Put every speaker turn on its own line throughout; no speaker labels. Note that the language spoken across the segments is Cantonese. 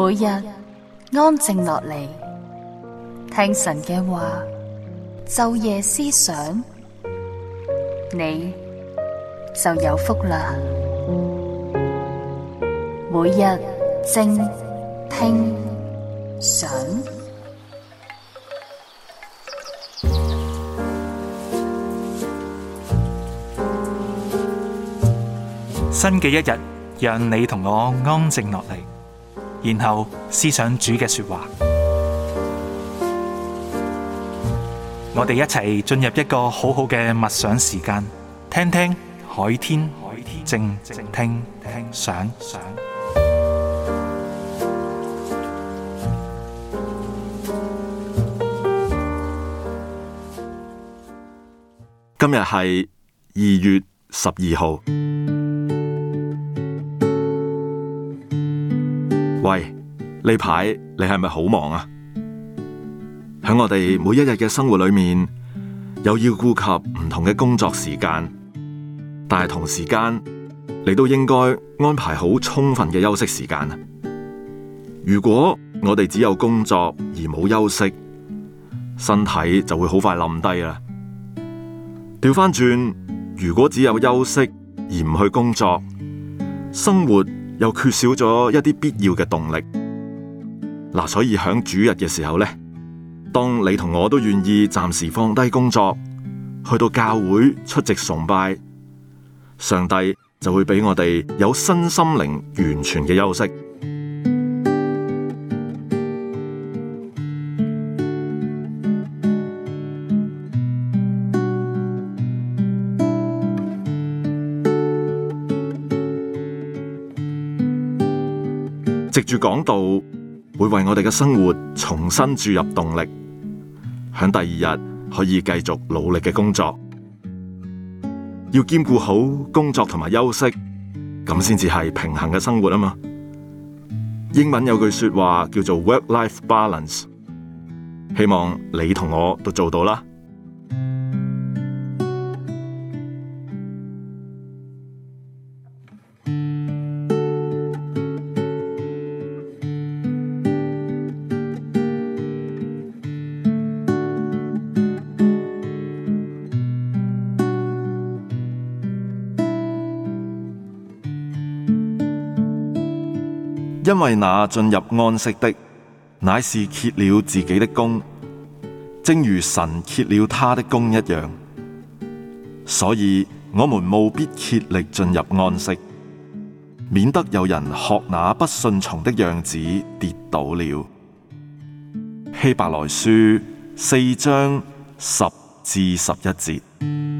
每日安靜落嚟，聽神嘅話，晝夜思想，你就有福啦。每日靜聽想，新嘅一日，讓你同我安靜落嚟。然後思想主嘅說話，嗯、我哋一齊進入一個好好嘅默想時間，聽聽海天靜聽想。
今日係二月十二號。喂，呢排你係咪好忙啊？喺我哋每一日嘅生活裏面，又要顧及唔同嘅工作時間，但係同時間你都應該安排好充分嘅休息時間。如果我哋只有工作而冇休息，身體就會好快冧低啦。調翻轉，如果只有休息而唔去工作，生活，又缺少咗一啲必要嘅動力，嗱，所以響主日嘅時候咧，當你同我都願意暫時放低工作，去到教會出席崇拜，上帝就會俾我哋有身心靈完全嘅休息。藉住講道，會為我哋嘅生活重新注入動力，喺第二日可以繼續努力嘅工作，要兼顧好工作同埋休息，咁先至係平衡嘅生活啊嘛！英文有句說話叫做 work-life balance，希望你同我都做到啦。因為那進入安息的，乃是歇了自己的工，正如神歇了他的工一樣。所以我們務必竭力進入安息，免得有人學那不信從的樣子跌倒了。希伯來書四章十至十一節。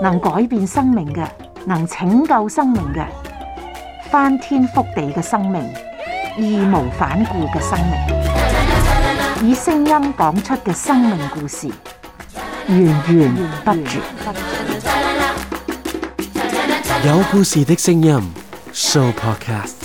能改變生命嘅，能拯救生命嘅，翻天覆地嘅生命，義無反顧嘅生命，以聲音講出嘅生命故事，源源不絕。有故事的聲音 Show Podcast。